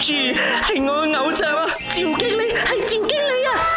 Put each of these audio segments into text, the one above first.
住，係我嘅偶像啊，趙經理係趙經理啊，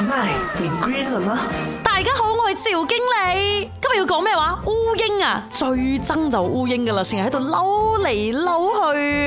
唔係變 green，大家好，我係趙經理今天，今日要講咩話？烏蠅啊，最憎就烏蠅㗎喇，成日喺度嬲嚟嬲去。